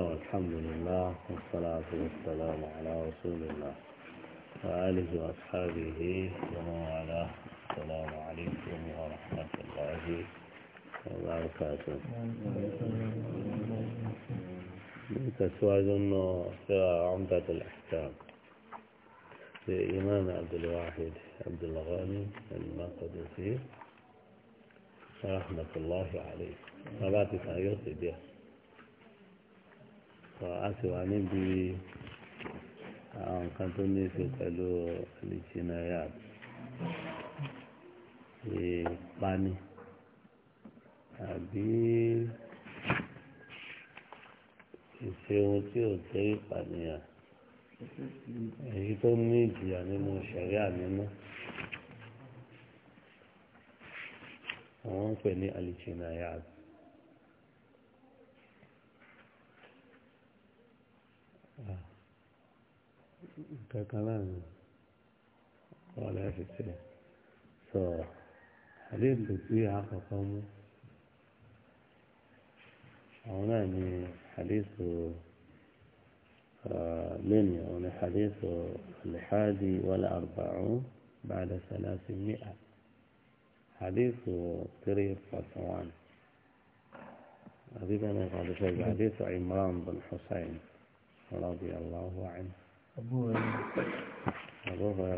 الحمد لله والصلاة والسلام على رسول الله وآله وأصحابه ومن والاه السلام عليكم ورحمة الله وبركاته تسواج أنه عمدة الأحكام لإمام عبد الواحد عبد الغني المقدسي رحمة الله عليه ما بعد تعيط بيه a sì wà níbi àwọn nǹkan tó ní í ṣe pẹ̀lú àlìjìnà yá ìpani àbí ìṣe ohun tí ò jẹ́ ìpànìyàn èyí tó ní ìjìyà nínú ṣẹ̀ríà nínú àwọn ń pè ní àlìjìnà yá كمان ولا في السلام صار حليل بزي عقا قومه هنا يعني حديث لن يعني حديث الحادي والأربعون بعد ثلاثمائة حديث تريف وصوان حديث أنا قال حديث عمران بن حسين رضي الله عنه أبو هريرة أبو هريرة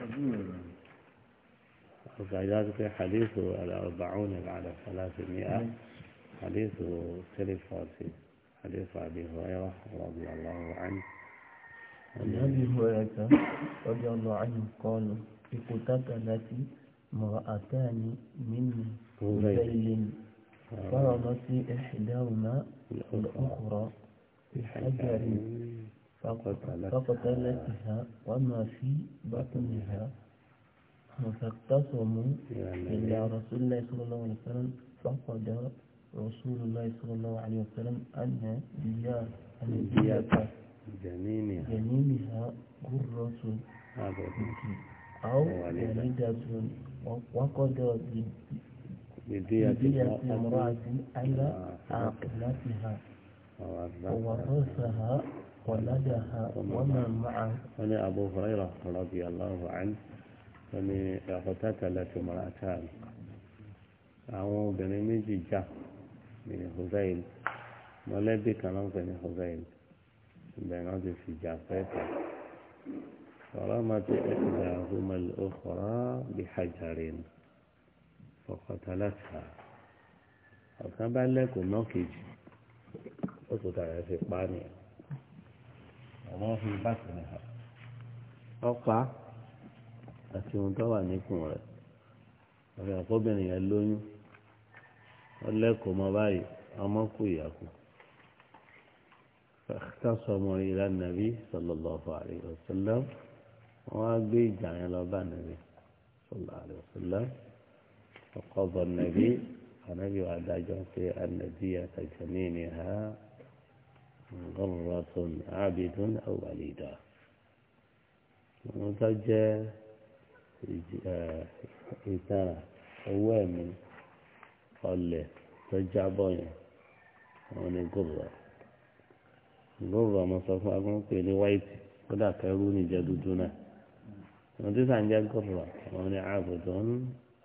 العظيم وبعداتك حديثه الأربعون على ثلاثمائة حديث سلف فارسي حديث أبي هريرة رضي الله عنه عن أبي هريرة رضي الله عنه قال اقتتلت امرأتان من هذيل فرضت إحداهما الأخرى في بحجر فقتلتها وما في بطنها فاقتصموا يعني إلى رسول الله صلى الله عليه وسلم فقد رسول الله صلى الله عليه وسلم أن ديات ديات جنينها جنينها قرة أو وليدة وقد بدية امرأة على آه. عاقلتها وورثها ولدها ومن معه أنا أبو هريرة رضي الله عنه أني اقتتلت امرأتان àwọn obìnrin méjì já bìnrin Hussein mọ̀lẹ́bí kan náà bìnrin Hussein bẹ̀rẹ̀ náà ti fìjà pẹ́ẹ́pẹ́ sọ̀rọ̀ máa ti ẹ̀kúta ahùmọ̀lì ọ̀kọ̀rọ̀ bí hajarin fọkàtàlátà ọ̀kan bá lẹ́kùn náà kejì ó tó tààrà fi pa á nìyẹn. وما في بطنها ọ̀pá àti ohun tó wà níkùn rẹ̀ ọ̀rẹ́ àkọ́bìnrin yẹn lóyún ọlẹ́kọ̀ọ́ mọ báyìí ọmọ kù ìyàkù tásọmọ ìlà nàbí sallallahu alaihi wasallam wọn á gbé ìjà yẹn lọ bá nàbí sallallahu alaihi wasallam ọkọ bọ nàbí ànábì wàá dájọ pé ànàbí àtàjọ ní ìníhà. ضرة عابد أو وليدا وتجا إتارة أوام قال تجا بويا وأنا قرة قرة ما صفى أقوم كيلي وايت ولا كيروني جدودنا وديس عن جال قرة وأنا عابد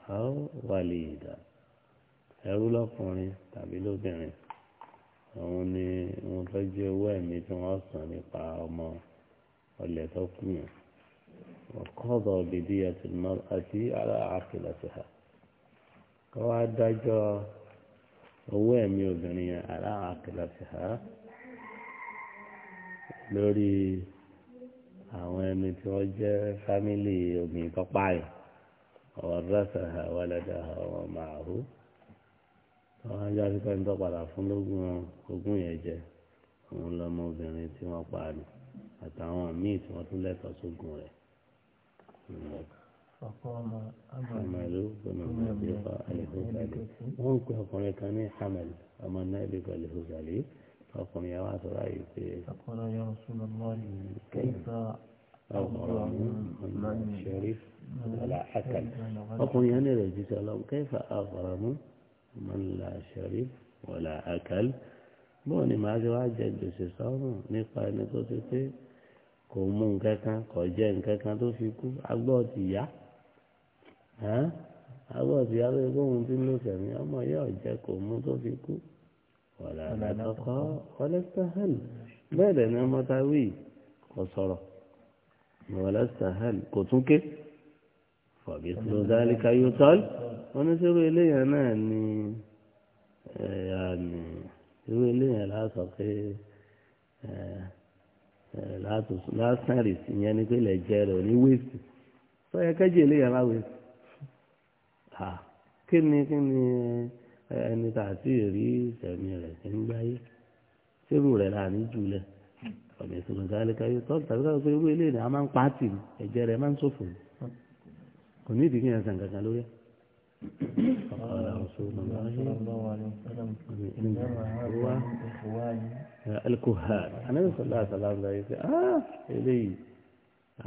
أو وليدا أولى قوني تعبيلو بيعني àwọn ni wọn tó jẹ́ owó ẹ̀mí tí wọ́n sàn nípa ọmọ ọlẹ̀ tó kù yẹn ọkọ̀ọ̀dọ̀ òbíbí ẹ̀sìn náà àti aláàfin àti ha kọ́ wá dájọ́ owó ẹ̀mí obìnrin yẹn aláàfin àti ha lórí àwọn ẹni tí wọ́n jẹ́ fámìlì obìnrin tó pààyàn ọ̀rọ̀ rẹ̀ sàn ha wàlẹ́dà ọmọ àhú àwọn ajáde pẹ́ ń tọ́ padà fún lógún ogún yẹn jẹ òun lọmọbìnrin tí wọ́n pa ni àtàwọn míì tí wọ́n tún lẹ́tọ̀ọ́ sógun rẹ̀. Wọ́n ń pe ọkùnrin kan ní Hamal ọmọ Nàbí fa Alihuzali. Ọkùnrin yẹn wá sọ̀rọ̀ àyè pé. Ọkùnrin yẹn sọ̀rọ̀ lọ́ọ̀lì kẹ́sà ọ̀rọ̀ mọ̀ ṣẹ̀rí ọ̀là àkàlẹ̀. Ọkùnrin yẹn ní rẹ̀ jíṣẹ́ ọlọ́run kẹ́sà ọ̀rọ̀ mọ̀ man la sharib wala akal bóun ni màá ṣe wá jẹ gbèsè sọ́rùn nípa ẹni tó ti pé kò mú nǹkan kan kò jẹ nǹkan kan tó fi kú agbọ́ ti yá agbọ́ ti yá lórí kóhun tí ló sẹ̀mí ọmọ yẹ ọ̀jẹ́ kò mú tó fi kú wàlá àtọkọ́ wọlẹ́sítàhẹ́l bẹ́ẹ̀ dẹ̀ ni ọmọ táwí kò sọ̀rọ̀ wọlẹ́sítàhẹ́l kò tún ké wàbí tó dálíkà yóò tọ́lù wọn ní sírú eléyàn náà ni ẹ̀yà ni irú eléyàn lásọ pé lásán rì sí yẹn ni pé lè jẹ rẹ ní wéèsì tó yẹ kẹ́jì eléyàn lá wéèsì kí ni kí ni ẹni tá a ti rí ìsẹ̀mí rẹ̀ ṣe ń gbáyé sírú rẹ̀ là ní jùlẹ̀ ọ̀nà ìṣòro dálíkà yóò tọ́lù tàbí káwọn pé irú eléyàn a máa ń pàtì ẹ̀jẹ̀ rẹ̀ máa ń ṣòfò ni kò ní ìdí kí ẹ sàn kankan lórí ẹ. alkohol anabi sọlá àtàlà ń báyìí pé ah, eléyìí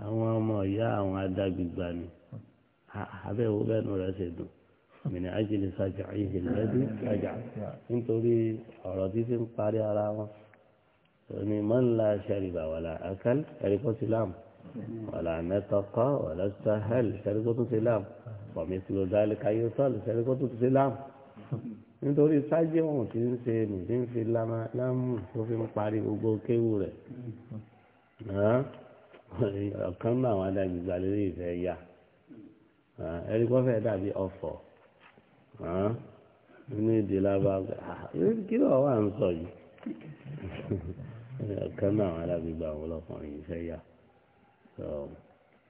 àwọn ọmọ ìyá àwọn adágbègbà ni abẹ́ wo bẹ́ẹ̀ nù rẹ̀ ṣe dùn mìnà ajílì sájà ìhìn lẹ́bí sájà nítorí ọ̀rọ̀ tí fi ń parí ara wọn. ni man la ṣàrìbà wàlà akal ẹ̀rí kọ́ ولا نطق ولا استهل شركة سلام ومثل ذلك يصل شركة سلام nítorí sáájú ọ̀hún tí ń ṣe nìdí ń fi lámú tó fi ń parí gbogbo kéwù rẹ̀ ọ̀kan náà àwọn adágbègbè lórí ìfẹ́ ya ẹni kọ́ fẹ́ dàbí ọ̀fọ̀ nínú èdè lábá ah, kí ló wà ń sọ yìí ọ̀kan náà àwọn adágbègbè àwọn ọlọ́kùnrin ìfẹ́ ya.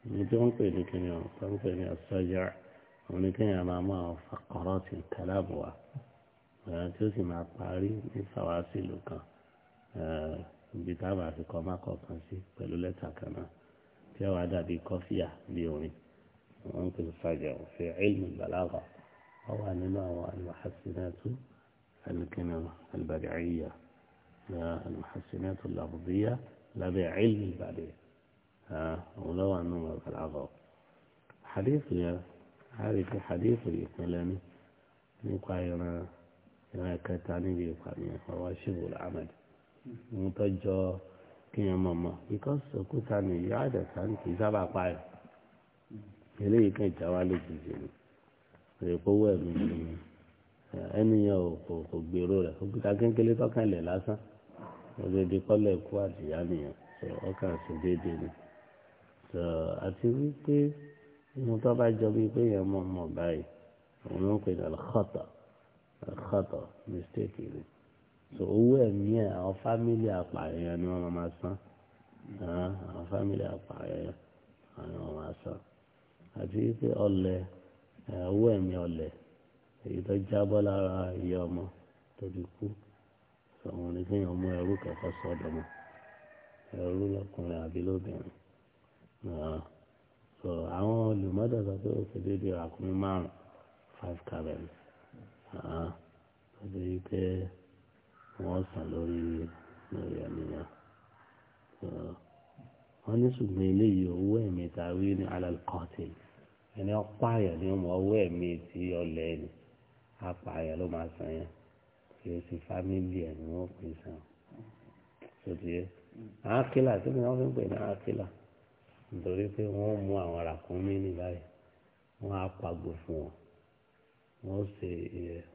نجون بيني كن يوم كان بيني السجع ونكن يا ماما فقرات الكلام و جوزي آه، مع الطاري من فواسيل وكان بتابع في قما قوقان سي pẹ̀lú lẹ́tà kan náà tí ó wá dàbí في علم البلاغة هو أننا المحسنات الكلمة البديعية آه، المحسنات اللفظية لا بعلم البديع òun lọ́wọ́ àánú ọ̀kàlàbọ̀ hadithu yẹn a rí pé hadithu ìpínlẹ̀ ní nípa ìran ìran kẹta jọ ni ìyá àdàtà ní kì í sábà pààyàn ni ni kò kò gbèrò òkúta lásán òdòdó kú àtìyá nìyẹn ọkàn ni. tó àti wípé inú tó bá jọ bíi pé èèyàn mọ̀ mọ̀ báyìí òun ló ń pè ní alxata alxata mistake ni so owó ẹ̀mí ẹ̀ àwọn fámìlì apààyàn ni wọ́n máa san àwọn fámìlì apààyàn ni wọ́n máa san àti wípé ọlẹ owó ẹ̀mí ọlẹ èyí tó jábọ́ lára ìyá ọmọ tó ti kú sọ̀rọ̀ ní kéèyàn mú ẹrú kẹ̀kọ́ sọ́dọ̀ mọ́ ẹrú lọ́kùnrin àbí lóbìnrin so àwọn olùmọ́dọ̀ sọ pé ó ti dédé ràkúnmí márùn five cabin ọdún yìí pé wọ́n sàn lórí lórí ènìyàn wọ́n ní ṣùgbọ́n eléyìí owó ẹ̀mí ta rí ní alalkọ́tì ẹni ọ̀páyà ni ọmọ owó ẹ̀mí tí ọlẹ́ ni apààyà ló máa sàn yẹn kì í ṣe fámìlì ẹ̀ ni wọ́n pè sàn. àákìlà tí wọ́n fi ń pè ní àákìlà nítorí pé wọ́n mú àwọn ràkúnmí ní báyìí wọ́n á pagbo fún wọn wọ́n ṣe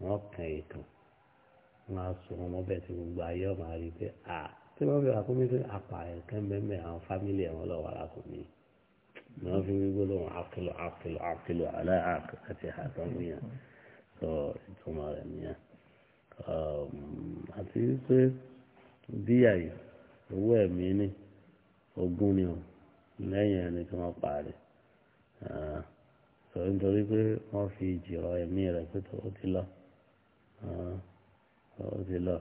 wọ́n kàn ìtàn wọ́n á sọ wọn bẹ́ẹ̀ tí gbogbo ayé ọ̀ma rí pé à tí wọ́n fi ràkúnmí pé apààyàn kan bẹ́ẹ̀ àwọn fámìlì ẹ̀wọ̀n lọ́wọ́ ràkúnmí ni wọ́n fi gbígbó lóhùn àkìlọ̀ àkìlọ̀ àkìlọ̀ alẹ́ àti àtọ́nìyàn sọ ìtumọ̀ rẹ̀ nìyẹn um, àti wípé bíyà yìí owó ẹ̀mí ni ogún ni o lẹ́yìn ẹni tí wọ́n parí ah, sọ nítorí pé wọ́n fi jìrọ ẹ̀mí rẹ̀ pé ó ti lọ ah, ó ti lọ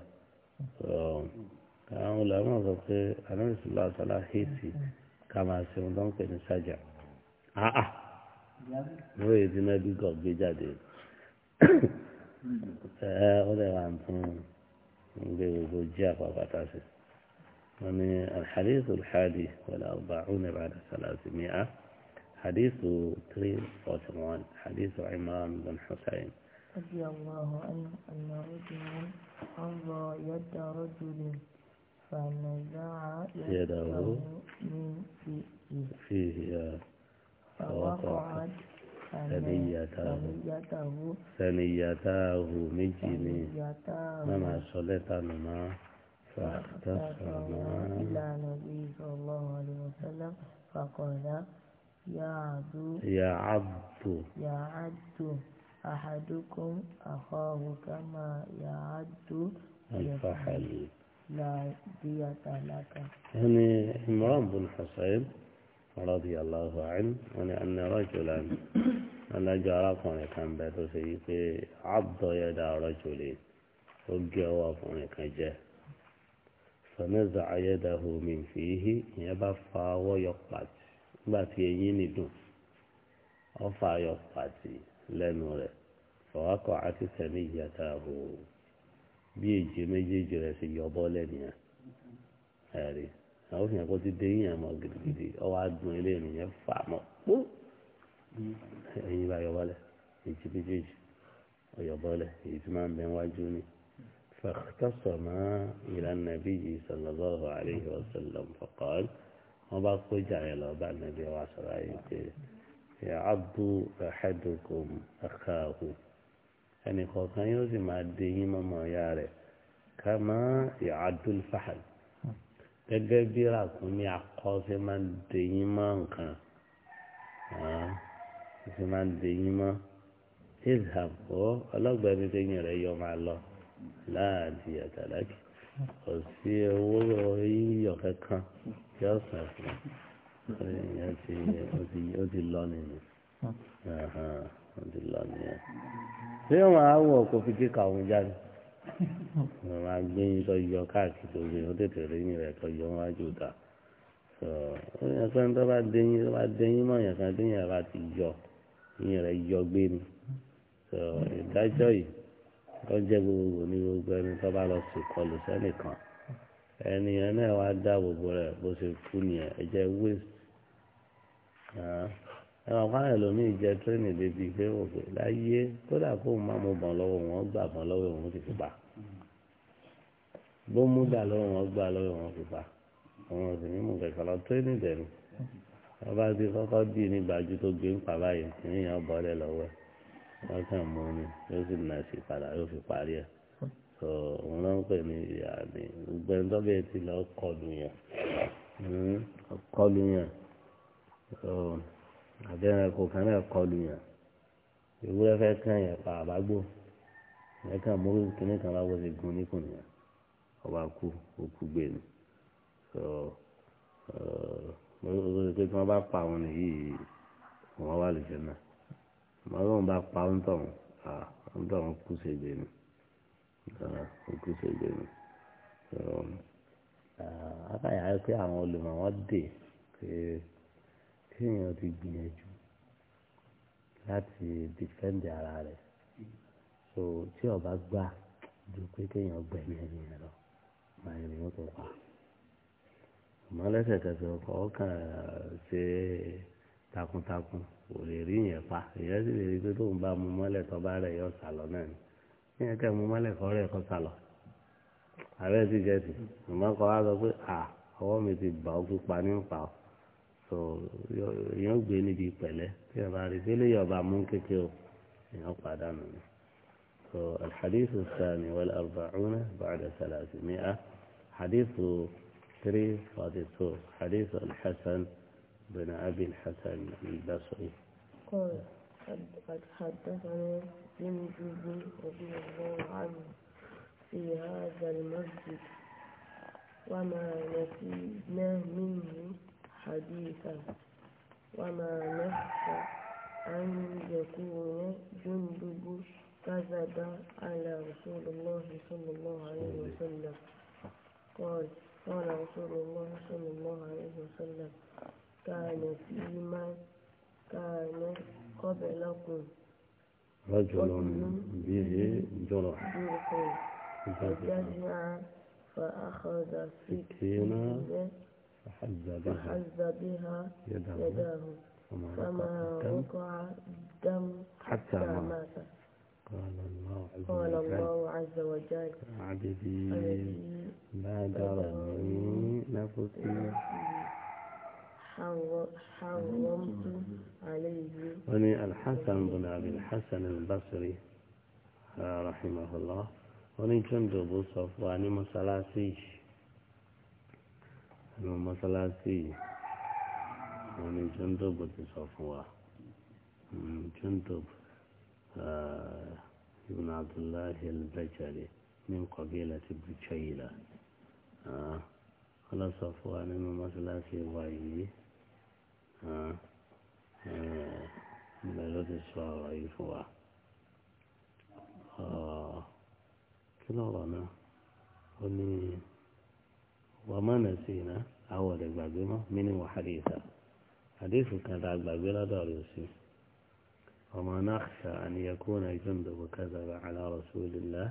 àwọn olùdámọ̀ sọ pé anábìsílá àtàlà hèsì ká máa ṣe ohun tó ń pè ní sájà àà ah, lórí èdè náà bí gọ̀ gbé jáde ẹ eh, ó lè wà tún gbé gbogbo jí àpapàtà sí i. من الحديث الحادي والأربعون بعد ثلاثمائة حديث تري وثمان حديث عمران بن حسين رضي الله عنه أن رجلا أنظر يد رجل فنزع يده من فيه, فيه آه، فوقعت ثنيته ثنيته مجني مما سلطان ما فاختصم إلى النبي صلى الله عليه وسلم فقال يا عبد يا عبد يا عبد أحدكم أخاه كما يعد الفحل لا دية لك يعني عمران بن حسين رضي الله عنه أن رجلا أنا جراكم كان بيت سيدي عض يد رجلي وجواب كان جه fanaza ayadahu min fihi ìyẹn bá fa ọwọ́ yọ pàtì nígbà tí ọ lẹ́nu rẹ̀ fọwọ́kọ̀ àti sẹ́mi ìyàtà hù bí èjì rẹ̀ sì yọ bọ́lẹ̀ gidigidi فاختصم إلى النبي صلى الله عليه وسلم فقال وبعد قجع إلى بعد النبي وعشر يعض أحدكم أخاه يعني خوكان يوزي ما أديه ما ياري كما يعد الفحل gẹ́gẹ́ bí ràkúnmí akọ ṣe máa ń dèyín mọ́ nǹkan ṣe máa ń dèyín mọ́ láàdì àtàlákì kò sí owó yíyọ kankan tí ó sàn fún ìyẹn ti ó ti lọ nìyẹn ó ti lọ nìyẹn tí wọn á wọ kó fi kíkà òun jáde wọn máa gbé yín tó yọ káàkiri tó yẹ wọn tètè rí yín rẹ tó yọ wọn á jù ta ó yẹ pé tó bá dé yín tó bá dé yín mọ̀ yẹn kan tó yẹn bá ti yọ yín rẹ yọ gbé ni ìdájọ́ yìí ó jẹ́ gbogbo ní gbogbo ẹni tó bá lọ sí kọlù sẹ́nìkan ẹnìyàn náà wá dá gbogbo rẹ̀ bó ṣe kú nìyẹn ẹ jẹ́ waste ẹ máa fáwọn ẹlòmíì jẹ tírénì débi pé òkè láyé kódà kó má mú bọ̀n lọ́wọ́ wọn gbà bọ̀n lọ́wọ́ wọn ti fi pa bó mú dà lọ́wọ́ wọn gbà lọ́wọ́ wọn fi pa àwọn ọ̀sìn mímú kẹ̀kẹ́ lọ tírénì dẹ̀nu ọba ti kọ́kọ́ dì ní gbàjú tó gbé ń pa báyìí níyàn bọ́lẹ̀ lọ́wọ́ ẹ̀ wọ́n kàn mú ni yóò sì nà sí padà yóò fi parí ẹ̀ sọ òun náà ń pè ní ìyá mi gbogbo ẹni tó bẹ́ẹ̀ ti lọ kọlu yẹn hmm, kọlu yẹn àbẹ̀rẹ̀ kò kàn náà kọlu yẹn ewúrẹ́ fẹ́ kàn yẹn pa àbágbò yẹn kàn mú kíní kan láwọ́ ṣe gun níkùn yẹn ọba kú òkú gbé ni sọ ọ ọ pé tí wọ́n bá pa àwọn nìyí wọ́n wà lè jẹ náà ọlọ́run bá pa ń tọ̀hún ń tọ̀hún kú sí ìgbé nu kú sí ìgbé nu. akáyà á pé àwọn olùmọ̀ wọ́n dè pé kéèyàn ti gbìyànjú láti dìfẹ́ǹdì ara rẹ̀ so tí ọba gbà ju pé kéèyàn gbẹ̀yìn ẹni yẹn lọ máa yẹn ni wọ́n tó pa àmọ́ lẹ́sẹ̀kẹsẹ̀ ọkọ̀ ọ̀kan ṣe takuntakun kò lè rí yẹn pa èyàn sì lè rí pé tóun bá mu mọ́lẹ̀ tó bá rẹ̀ yọ sàlọ̀ náà ni yẹn kẹ́ mu mọ́lẹ̀ kọ́ rẹ̀ kọ́ sàlọ̀ ààrẹ sì jẹ́ sí màmá kan wá sọ pé à ọwọ́ mi ti bà ó pípa ní pa ó so èyàn gbé níbi pẹ̀lẹ́ tí yẹn bá rí pé lè yọba mú kéke o èyàn pàdánù ni so alḥadith sani wàl arba'una ba'da salasimiya hadith three forty two hadith alḥasan. بن أبي الحسن البصري قال حدثنا بن جبل رضي الله عنه في هذا المسجد وما نسينا منه حديثا وما نخشى أن يكون جندب كذب على رسول الله صلى الله عليه وسلم قال قال رسول الله صلى الله عليه وسلم كان فيما كان قبلكم رجل به جرح فجزع فأخذ سكينة فحز بها يده فما وقع الدم حتى مات قال الله عز وجل قال الله عز وجل عبدي ما درني نفسي حرمت عليه وني الحسن بن أبي الحسن البصري آه، رحمه الله وني جندب صفواني مسلاسي مسلاسي وني كنت صفوان جندب آه، ابن عبد الله البجري من قبيلة بجيلة آه على صفوان مسلاسي وعيه ilẹ̀ ló ti sọ ọ̀rọ̀ yìí fún wa kí lọ́rọ̀ náà ó ní wàmánà sí iná àwọn ọ̀dẹ̀ gbàgbé mọ́ mí ní wàhálì ìta àdéhùn kan tá a gbàgbé lọ́dọ̀ rẹ̀ sí ọmọ náà ṣà àníyàkúnà jùndùbù kẹsàrà aláwọ̀ sólùlá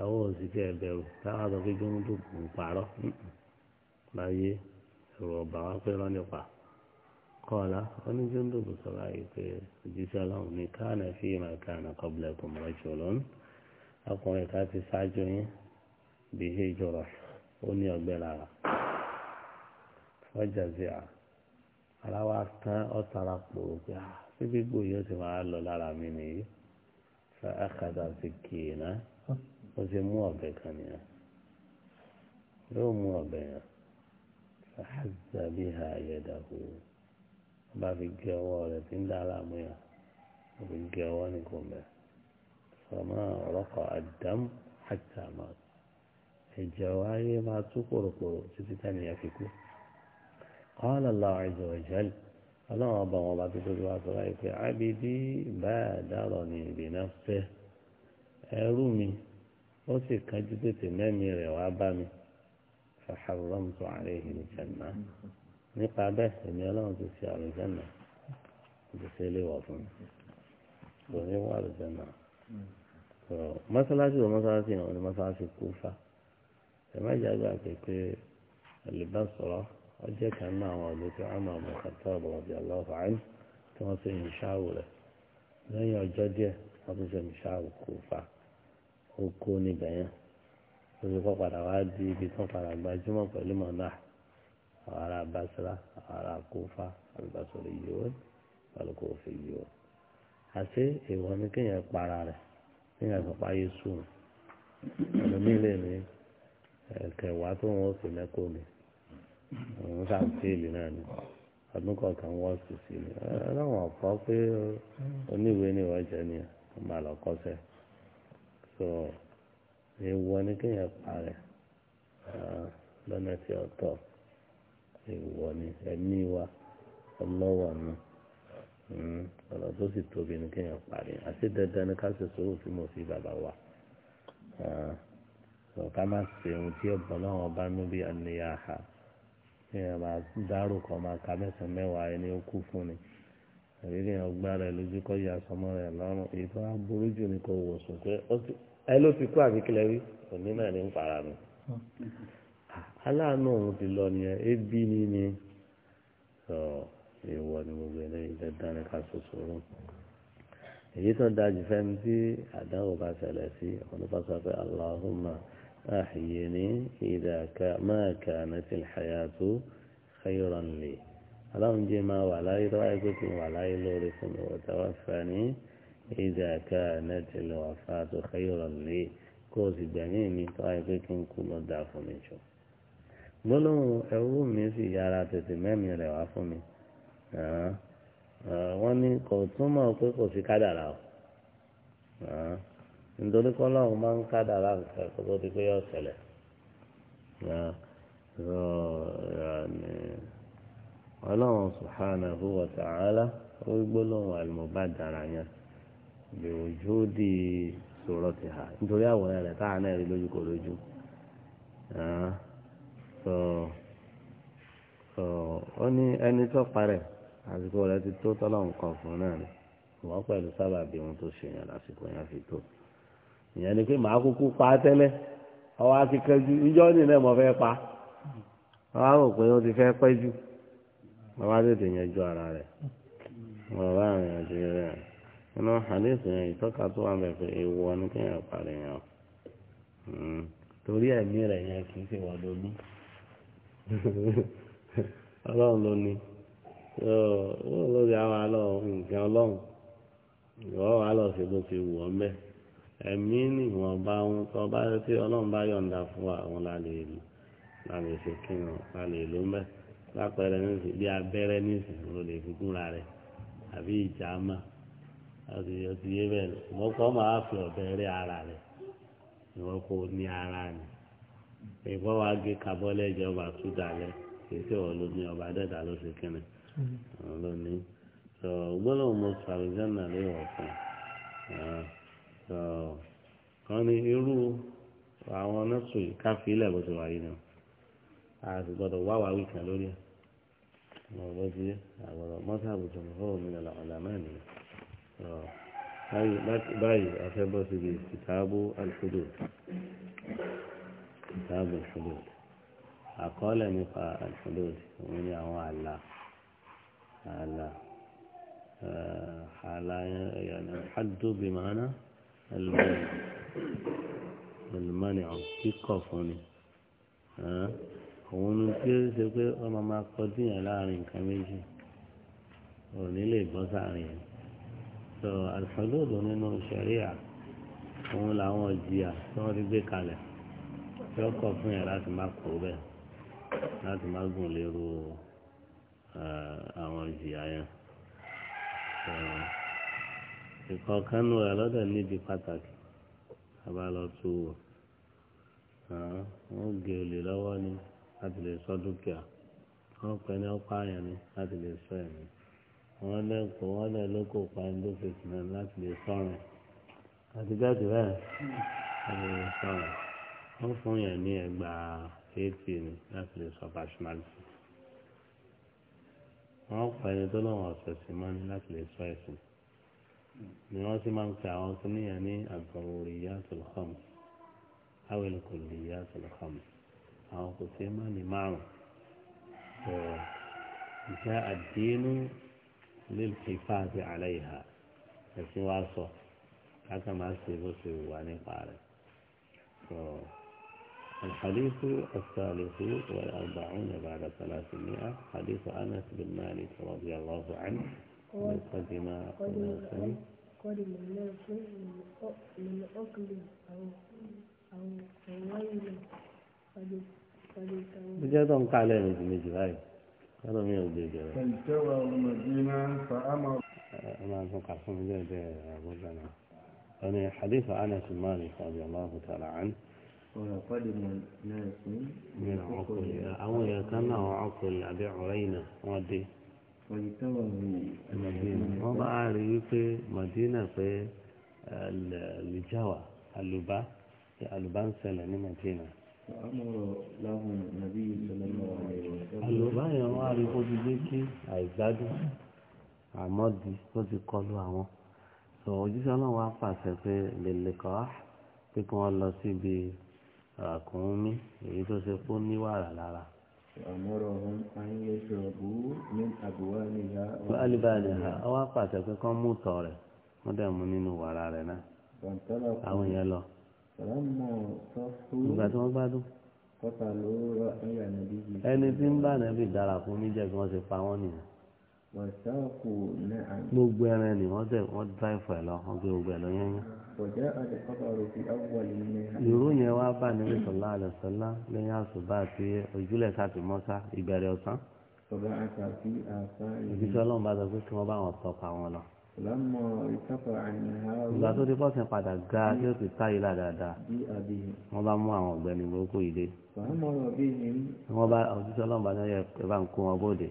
àwọn òsìkẹ́ ẹ̀bẹ̀rù táwọn àtọ́kẹ́ jùndùbù pààrọ̀ láyé ẹ̀rọ ọ̀bà wá pé lọ́nípa. قال أنا جندب صلاحيك جيس لهم كان فيما كان قبلكم رجل أقول كاتي ساجوني به جرح وني أقبل فجزع على واسطة أطلق بروك سيبي بويو سمع الله للعميني فأخذ سكينة وزموا بكانيا لو مو بينا فحز بها يده bá fi gé ọwọ́ rẹ̀ tí ń dá láàmú yà ó fi gé ọwọ́ nìkan bẹ̀ sọmọ ọ̀rọ̀kọ̀ àdámù àti ẹ̀jẹ̀ wa máa tú kòròkòrò títí tánìyà fi kú. قال الله عز وجل اللهم رب وبعد تدعو صلاتك عبدي بادرني بنفسه ẹrú mi ó sì kánjú tètè mẹ́mi rẹ̀ wá bá mi فحرمت عليه الجنة nípa bẹ́ẹ̀ èmi ọlọ́run ti ṣe àlùjànnà ti ṣe léwọ̀ fún mi kò ní wọ àlùjànnà mọ́sálásí ò mọ́sálásí náà ni mọ́sálásí kú fa ẹ̀má ìjàgbé àpèpè ẹ̀lẹ́bàṣọ́rọ́ ọjọ́ kan náà àwọn ọ̀dọ́ tí wọ́n máa mọ̀ kàtà ọ̀bọ̀ ọ̀bí aláwọ̀ àárín tí wọ́n ṣe ìṣàwò rẹ̀ lẹ́yìn ọjọ́ díẹ̀ wọ́n tún ṣe ìṣàwò kú fa ó kó níbẹ̀ yẹn ó ti kọ́ padà wá di ibi tó padà gbajúmọ̀ pẹ̀lú mọ̀ náà àwọn ará basra àwọn ará kófà alùbásọ̀rọ̀ yìí alùkò òfin yìí wọ́n. àṣé èèwọ̀ ni kéèyàn para rẹ̀ kéèyàn sọ̀pá yìí sùn ẹlòmíì lè ní kẹwàá tó wọn fi mẹ́kọ́ mi òun ṣàǹfìlì náà ni ọdún kọ̀ọ̀kan wọ́n sì ni ọlọ́wọ̀n kọ́ pé ni wọ́n jẹ́ ni wọ́n máa so èèwọ̀ ni kéèyàn para rẹ̀ ah, lọ́nà tí èèwọ̀ ni ẹ̀mí wa ọlọ́wọ̀ náà hmm, ọ̀nà tó sì tóbi ní kéèyàn parí àti dandan ni ká ṣe sòrò tí mo fi bàbá wa ah, sọ ká má ṣe ohun tí ọ̀bọ̀n náà wọn bá nú bí àníyá ha kéèyàn máa dárò kan máa ka mẹ́sàn-án mẹ́wàá ẹni ó kú fún ni àbílẹ̀ ọgbà rẹ̀ lójú kọ́ ya sọmọ rẹ̀ lọ́rùn èyí tó wá burú jù ní kò wò pé ẹ ló ti kú àbíkílẹ̀ rí òní náà ní ń para mi aláàánú òun ti lọ nìyẹn ebi ni ni ìwọ ni mo gbé lẹ́yìn dandan ní ká soso rún èyí tó dájú fẹ́ni tí àdáwò bá ṣẹlẹ̀ sí ọ̀nà bá sọ pé aláhùnmá àhìyéní ìdàkà máa kà ní tìlhàyà tó xeyọrọ nìyẹn aláwọn jẹ máa wà láyé tó wáyé pé kí wà láyé lórí fún mi wọ́tá wá fani ìdàkà ní tìlhàyà tó xeyọrọ nìyẹn kó o sì gbẹ̀mí mi tó wáyé pé kí n kú lọ́dà fún mi jù gbólóhùn ẹrú mi sì yára tètè mẹ́mi rẹ̀ wá fún mi wọ́n ní kò túmọ̀ pé kò sí kádàrà o nítorí kọ́ lọ́hùn máa ń kádàrà nǹkan kó tó di pé yọ ṣẹlẹ̀ ọlọ́run subhanahu wa ta'ala ó gbólóhùn àlùmọ́bàdàrà yẹn lòjó di sọ̀rọ̀ ti hà nítorí àwòrán rẹ̀ táà náà rí lójú kò lójú. ó ní ẹni tó parẹ̀ àsìkò ti tó tọ́lọ́run kan fún náà ni wọ́n pẹ̀lú sábà bí ohun tó ṣe yàn lásìkò yẹn fi tó ìyẹn ni pé màá kúkú pa tẹ́lẹ̀ ọwọ́ á ti kẹjú ìjọ́ ní fẹ́ pa ọ á rò pé o ti fẹ́ pẹ́ jù tètè ara rẹ̀ rẹ̀ àdéhùn yẹn ìtọ́ka tó wà bẹ̀ pé kéèyàn parí yẹn hmm. torí ẹ̀mí rẹ̀ yẹn kì í ṣe ọlọ́run ló ní ọlọ́run ló ní àwọn alọ́ nǹkan ọlọ́run ìwọ wà lọ sí bó ti wù ọ́ mẹ́ ẹ̀mí nìwọ̀nba ohun tó bá tí ọlọ́run bá yọ̀ǹda fún àwọn lálẹ́ ìlú lálẹ́ ìṣe kí wọn lálẹ́ ìlú mẹ́ lápẹẹrẹ nísìnyí bí abẹ́rẹ́ nísìnyí ló lè fi gúnra rẹ̀ àbí ìjàmá àti ọtí yé bẹ́ẹ̀ lọ ìwọ́n kọ́ máa fi ọ̀bẹ rẹ́ ara rẹ̀ ìwọ́n kò ní ara rẹ̀ ìbọn wa gé kabọ́lẹ̀ ìjọba àtúndà lẹ kìí ṣe wọn ló ní ọba dẹ́ta ló ṣe kíni wọn ló ní sọ gbọ́dọ̀ mo sàrìjánà lè wọ̀ fún sọ kan ní irú àwọn nọ́ọ̀sù káfílẹ̀ bó ti wà yìí ni a sì gbọ́dọ̀ wá wàá wí kan lórí ẹ̀ ọ̀rọ̀ sí àgbọ̀dọ̀ mọ́sáàbù tó ń fọ́ òmìnira làwọn làmá nìyẹn báyìí a bọ́ síbi kìtàbù alùpùpù. كتاب الحدود أقال نقاء الحدود ومن يعوى الله على على يعني الحد بمعنى المنع المنع كيقفني ها òun ni tí ó ṣe pé ọmọ máa kọjú yẹn láàrin nǹkan méjì òní lè bọ́ sáàrin yẹn so àlùfáà lóòdù nínú ṣẹ̀ríà òun làwọn jìyà tí wọ́n ti gbé kalẹ̀ yóò kọ̀ fún yẹn láti má kó bẹ́ẹ̀ láti má gùn lérò àwọn ìjìyà yẹn ìkọ̀ọ̀kan nù rẹ̀ lọ́dọ̀ níbi pàtàkì àbá lọ wọ́n gé olè lọ́wọ́ ni láti lè sọ dúkìá wọ́n pẹ́ ní ọ̀pá yẹn ni láti lè sọ ẹ̀mí wọ́n lẹ́kọ̀ọ́ wọ́n lẹ́ lóko pa ẹni tó fi sùn láti lè sọ̀rọ̀ àti jáde bẹ́ẹ̀ láti lè sọ̀rọ̀ wọ́n fún yẹn ní ẹgbàá eighty ni láti lè sọ personality wọ́n pa ẹni tó lọ́wọ́ ọ̀sẹ̀ sí máa ní láti lè sọ ẹ̀sìn ni wọ́n sì máa ń pe àwọn tó níyàn ní àgbọ̀wòrì ìyá àtọ̀lọ́kọ̀mù awẹ́lẹ́kọ̀lù ìyá àtọ̀lọ́kọ̀mù àwọn kò sí máa ní márùn tó ìjà àdínú lílùkìfà àti àlẹ́yà ẹ̀sìn wa sọ káàkiri máa ṣe bó ṣe wà nípa rẹ̀ tó. الحديث الثالث والأربعون بعد ثلاثمائة حديث أنس بن مالك رضي الله عنه من قدم ناسا الناس من أكل أو أو ويل بجد أنقع عليهم الجميع هذا من الجميع فانتوى المدينة فأمر أنا أتوقع فهم جاء أنا حديث أنس بن مالك رضي الله تعالى عنه àwọn èèyàn kan náà wọ́n ọkùnrin àbí ọ̀rẹ́ ìnà wọ́n dé wọ́n bá rí wípé Madina pé lìjáwà àlùbá àlùbá ń ṣẹlẹ̀ ní Madina. àlùbá yẹn wọ́n á rí kó ti dé kí àìgbádùn àmọ́ di tó ti kọlu àwọn sọ ojúṣe ọlọ́run wá pàṣẹ pé lè lè kọ́ pé kí wọ́n lọ síbi ràkúnmí èyí tó ṣe kó ní wàrà lára. àmọ́rọ̀ wọn á ń yẹ ṣọ̀bù ní àbúwá nìyá. alibá nìyá ọ wá pàṣẹ pé kán mú tọ̀ rẹ̀ wọ́n dẹ̀ mú nínú wàrà rẹ̀ náà. àwọn yẹn lọ. ìgbà tí wọ́n gbádùn. ẹni tí ń bá nàbì dára fún mi jẹ́ kí wọ́n ṣe pa wọ́n nìyẹn. gbogbo ẹran ni wọ́n dẹ̀ wọ́n dráìfù wọ́n ìròyìn wa bá níbi sọlá àlẹsọlá lẹ́yìn àṣùbà àti ojúlẹ̀ sàtì mọ́sá ìbẹ̀rẹ̀ ọ̀sán. ìbísọ̀ ọlọ́run bá sọ pé kí wọ́n bá wọn tọpa wọn lọ. ìgbà tó ti pọ́sìn padà ga tí ó ti tá yìí là dáadáa wọ́n bá mú àwọn ọ̀gbẹ́ni burúkú yìí dé. wọ́n bá òjíṣẹ́ ọlọ́run bá ní ẹ bá ń kó wọn bóde.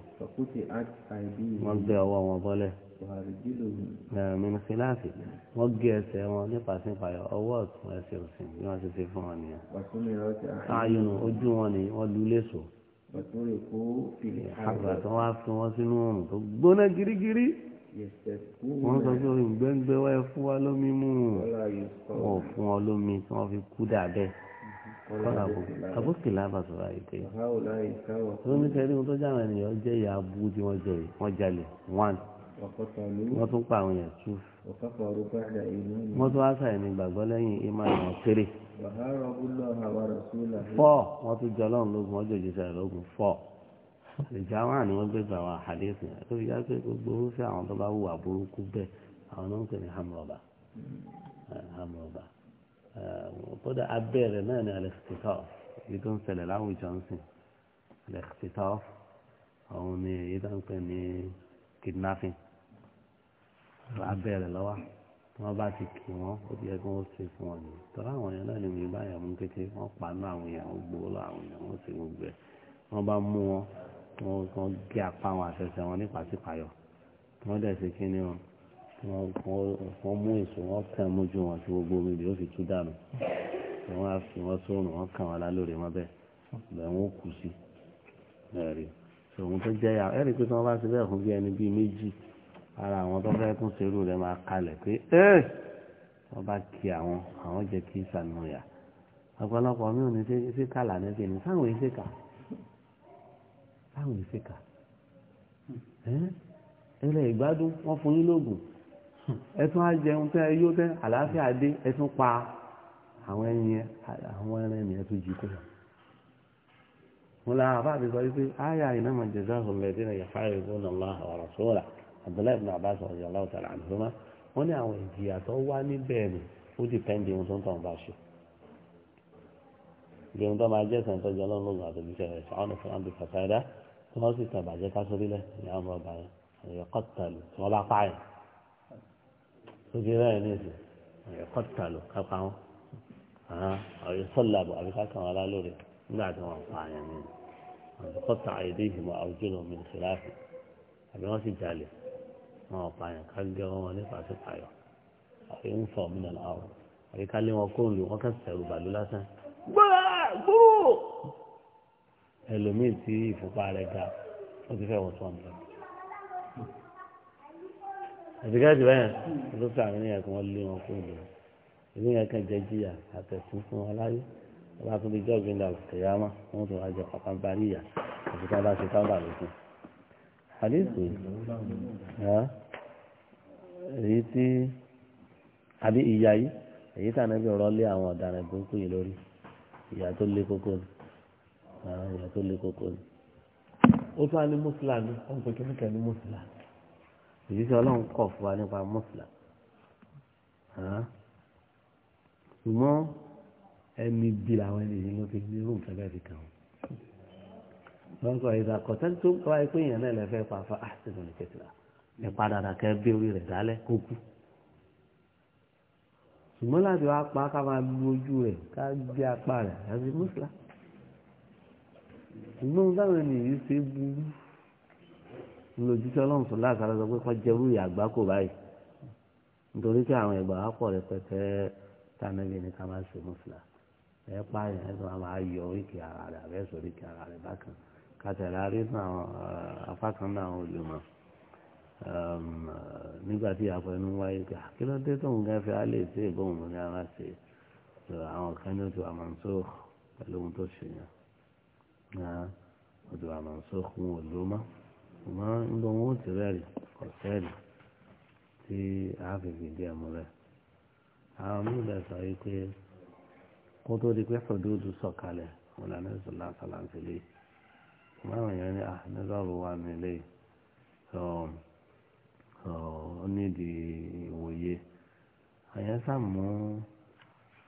wọ́n gbé ọwọ́ wọn bọ́lẹ̀. من خلافه وقع سيوان نقاسم قايا أواك ويسير سين يوان سيفون ونيا أعينه أجواني ودوليسو حرة وعفت وسنون تقبونا جري جري wọ́n sọ pé ògbẹ́ngbẹ́ wá ẹ fún wa lómi mú wọn fún ọ lómi tí wọ́n fi kú dàbẹ́ kọ́lá kò àbókè lábà sọ̀rọ̀ àìpé tó ní kẹrin tó jáwọn ènìyàn jẹ́ ìyá abú tí wọ́n jẹ wọ́n jalè one wọ́n tún pa àwọn èèyàn tú wọ́n tún wá sàyẹn ní gbàgbọ́ lẹ́yìn imáyà wọn kéré fọ́ wọ́n tún jọ ọlọ́run lógun wọ́n jòjì sàyẹn lógun fọ́ ìjàmá ni wọ́n gbé gbàwọn àhàdéhùn yẹn tó fi já pé gbogbo irúfẹ́ àwọn tó bá hùwà burúkú bẹ́ẹ̀ àwọn náà ń pè ní hamrọ̀bà hmm. eh, hamrọ̀bà eh, kódà abẹ́rẹ́ náà ni alexitov èyí tó ń ṣẹlẹ̀ láwùjọ ń sìn òun ni èyí tó ń pè ní kidnapping abẹ́rẹ́ lọ́wọ́ tí wọ́n bá ti kì wọ́n ó ti yẹ kí wọ́n ṣe fún wọn ni tọ́lá àwọn èèyàn náà ni mi bá yàmú kété wọ́n paná àwọn èèyàn wọ́n gbowó lọ àwọn èèyàn wọ́n ṣe gbogbo ẹ̀ wọ́n bá mú wọn wọ́n kàn gé apá wọn àtẹsẹ̀ wọn nípa sípayọ̀ tí wọ́n dẹ̀ ṣe kí ni wọn wọ́n mú èso wọ́n kàn mójú wọn sí gbogbo omi bí ó fi tú dànù wọ́n á fi wọ́n sóòrùn wọ́n kàn wọn lálórí wọn bẹ́ẹ̀ bẹ́ẹ̀ wọ́n kù sí ara àwọn tó fẹ́ tún serú rẹ̀ máa kalẹ̀ pé ẹ́ wọ́n bá kí àwọn àwọn jẹ́ kí sànúyà ọ̀pọ̀lọpọ̀ mi ò ní ṣe kàlà níbi ní sáwọn èyí ṣèkà sáwọn èyí ṣèkà ẹlẹ́ ìgbádùn wọ́n fún yín lóògùn ẹtún á jẹun tẹ́ ẹ yóò tẹ́ àlàáfíà dé ẹtún pa àwọn ẹyin àwọn ẹran ẹ̀mí ẹtún jí kó lọ. mo la àbá mi sọ wípé áyà ìnáwó jẹ̀dá ọ̀lẹ́dẹ́rẹ́ yàtọ̀ ìgbóná ọ̀la ọ̀rọ̀ sóòrà abdullahi ibn abbas radiyallahu ta'ala anhuma wọ́n ní àwọn ìjìyà tó wá níbẹ̀ ni ó ti pẹ́ǹdì ohun tó ń tàn bá ṣe ìgbé ohun tó máa jẹ́ sàn tó jẹ́ ọlọ́run lóògùn àtòbíṣẹ́ rẹ̀ ṣàwọn fún àǹdí fàtàdá tí wọ́n sì tàn bàjẹ́ ká sórí lẹ̀ ní àwọn ọba yẹn ẹ̀yẹ kọ́tàlù tí wọ́n bá pààyàn tó ti rẹ̀ ní ìsìn ẹ̀yẹ kọ́tàlù kápá wọn ọ̀yẹ sọ́làbù àbí kákan wọn lálórí nígbà tí wọ́n pààyàn ní ọ̀yẹ kọ́tà àìdí ìhìmọ̀ àwùjọ wọn ò pààyàn ká gé wọn wọn nípa sí pààyàn àfi ń fọ mí lọ́la o ká lé wọn kóòlù wọn kàn sẹ̀rù bàlú lásán gbọ́dọ̀ gbúrò ẹlòmíì tí ìfúnpá rẹ̀ ga ó ti fẹ́ wọ́n tó ọ̀nà àtìkáàtì báyẹn ló fẹ́ àwọn ènìyàn kan lé wọn kóòlù ìlú yẹn kan jẹ́ jìyà àtẹ̀sùn fún wọn láyé wọn bá tún lè jọ́ ìgbìndà kẹyàmá wọn tó wá jẹ pàpà ń parí ìyà àti ká bá ṣe tábà lókun àdìsí èyí tí àbí ìyá yìí èyí tí ànábì ọ̀rọ̀ lé àwọn ọ̀daràn burúkú yìí lórí ìyá tó lé kókó ni ìyá tó lé kókó ni. ó tún á ní mùsùlá ní wọn pè kíníkà ní mùsùlá èyí tí ọlọ́run kọ̀ fún wa nípa mùsùlá. ṣùgbọ́n ẹni bí làwọn ènìyàn ló fi ní irú nǹkan bẹ́ẹ̀ fi kàn wọ́n wọ́n kọ́ ìdá kọ̀tẹ́lì tó ń kọ́ ayé pé èèyàn náà lè fẹ́ pa fa àṣìṣe ní kẹtìlá ẹ padà dàkẹ́ bí orí rẹ̀ dálẹ́ kó kú. ṣùgbọ́n láti wá pa ká máa lu ojú rẹ̀ ká gbé apá rẹ̀ àti mùsùlá. ṣùgbọ́n táwọn ènìyàn ṣe burú lójútọ́ ọlọ́run tó láàkàrà sọ pé kọ́ jẹ́rú ìyàgbá kò báyìí nítorí pé àwọn ẹgbàá pọ̀ rẹpẹtẹ tánàbí ni ká máa ṣe mùsùlá ẹ pààyàn ẹ tó máa yọ oríkì ara rẹ̀ àbẹ́sọ̀ oríkì ara rẹ̀ bákan kàtẹ́lá rí náà eh, apá kan náà olùmọ̀ ehm, nígbà tí àpẹnu wáyé pé kí ló dé tóun gan fi alẹ́ sí ìbọn òun ní ara ṣe àwọn kan ní oṣù àmọ̀ǹsó pẹ̀lú ohun tó ṣe yàn oṣù àmọ̀ǹsó wọn ò ló mọ́ ṣùgbọ́n níbo wọn ò ti rẹ́rì ọ̀sẹ́ẹ̀lì tí àáfíìfì díẹ̀ mú rẹ̀ àwọn míì bẹ̀ sọ wípé kó tó di pé fòdúdú sọ̀kalẹ̀ wọn làná ìṣòlá sàlàǹfẹ̀lẹ́ yìí báwọn èèyàn ni, ah nẹ́sàbù wà nílé ó nídìí ìwòye àyàn sàmú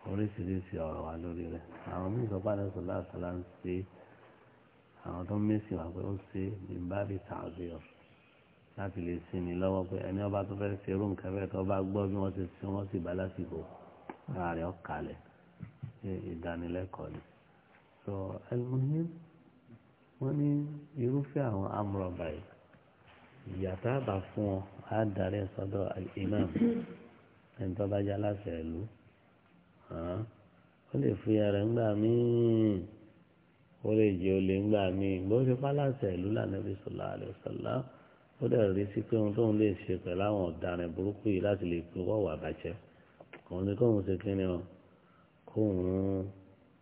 oríṣiríṣi ọ̀rọ̀ wa lórí rẹ̀ àwọn míì sọ pé àdéhùn láàṣàlá ń ṣe àwọn tó ń mèsì wà pé ó ṣe bímbábí tààzí ọ̀ láti lè sinmi lọ́wọ́ pé ẹni ọba tó fẹ́ẹ́ ṣerú nǹkan fẹ́ẹ́ tó bá gbọ́ bí wọ́n ti sin wọ́n sì bá lásìkò ara rẹ̀ ọ̀kalẹ̀ ìdánilẹ́kọ̀ọ́ ni. so ẹlòmíràn wọ́n ní irúfẹ́ àwọn amúrọ̀bà yìí ìyàtọ̀ àbá fún ọ á darí ẹ sọ́dọ̀ imam ẹni tó bá jẹ́ aláṣẹ ìlú ó lè fi ara ńgbà míì ó lè jẹ́ olè ńgbà míì bó ṣe pálásẹ̀ ìlú lànàbí sọlá àlùsọlá ó dẹ̀ rí sí pé ohun tóun lè ṣe pẹ̀lú àwọn ọ̀daràn burúkú yìí láti lè fi wọ́ wà bàjẹ́ òun ni kóun ṣe kí ọ kóun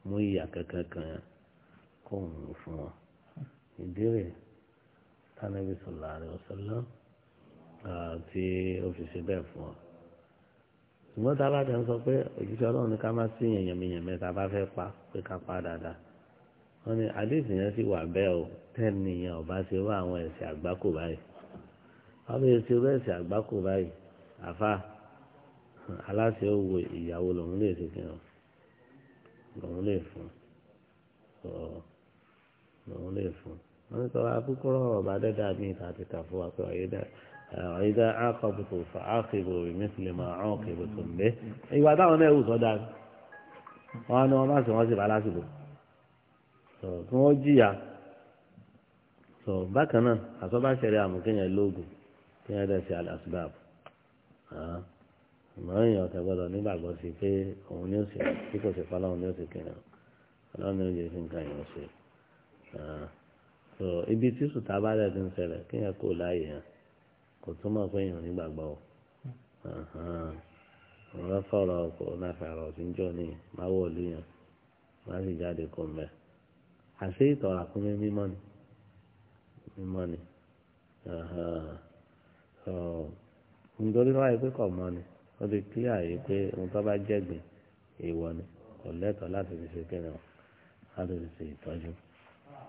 mú ìyà kankan kan kóun fún wọn ìbéèrè tánàbí sọ̀lá rẹ̀ ọ̀sọ̀lá àti òfìsì bẹ́ẹ̀ fún ọ. ṣùgbọ́n tá a bá ti ń sọ pé òjíṣẹ́ ọlọ́run ní ká má sí yẹ̀nyẹ̀míyẹ̀n mẹ́ta bá fẹ́ pa pé ká pa dáadáa. wọ́n ní àdéhùn yẹn sì wà bẹ́ẹ̀ o tẹ́ẹ̀nì yẹn ọ̀bá ṣe wá àwọn ẹ̀sìn àgbákò báyìí. wọ́n bí ṣe wá ẹ̀sìn àgbákò báyìí àfa aláṣẹ owó ìyàwó lòun lè ṣe fi hàn lòun lè fún lòun lè fún wọ́n sọ akúkúrọ̀ ọ̀bá dẹ́dá mi àti tàfó àpẹ ọ̀yẹ́dá ọ̀yẹ́dá ákọ̀bùtò fà ákìbò ìmísìlẹ̀ mọ̀ àwọn òkèbò tó ń lé. ìgbà táwọn náà wù sọ́dá wọn ni wọ́n bá sì wọ́n sì bá lásìkò kí wọ́n jìyà bákan náà àsọ́bá ṣẹlẹ̀ àmúkẹ́yìn lóògùn kí wọ́n dẹ̀ ṣe àdásùbáàbù ìmọ̀ràn èèyàn ọ̀tẹ̀ gbọ́dọ̀ nígbàgbọ́ sí pé òun ni ó tí kò sì pa ọlọ́run ni ó sì ọlọ́run ni ó yẹ fi nǹkan ṣe so ibi tí sùtà bá dẹ̀ ti ń ṣẹlẹ̀ kéèyàn kò láàyè yẹn kò túmọ̀ pé èèyàn nígbàgbọ́ o ọ̀rọ̀ fọ̀rọ̀ kò náfàrọ̀ sí ń jọ ní máwọ̀ ìlú yẹn má sì jáde kó ń bẹ̀ àṣé ìtọ̀rọ̀ àkúnmí mímọ́ ni mímọ́ ni nítorí wáyé pé kọ̀ mọ́ ni ó ti kílíà yìí pé ohun tó bá jẹ́gbìn èèwọ̀ ni kò lẹ́tọ̀ọ́ láti fi ṣe kẹ́rẹ̀ láti fi ṣe ìtọ́jú.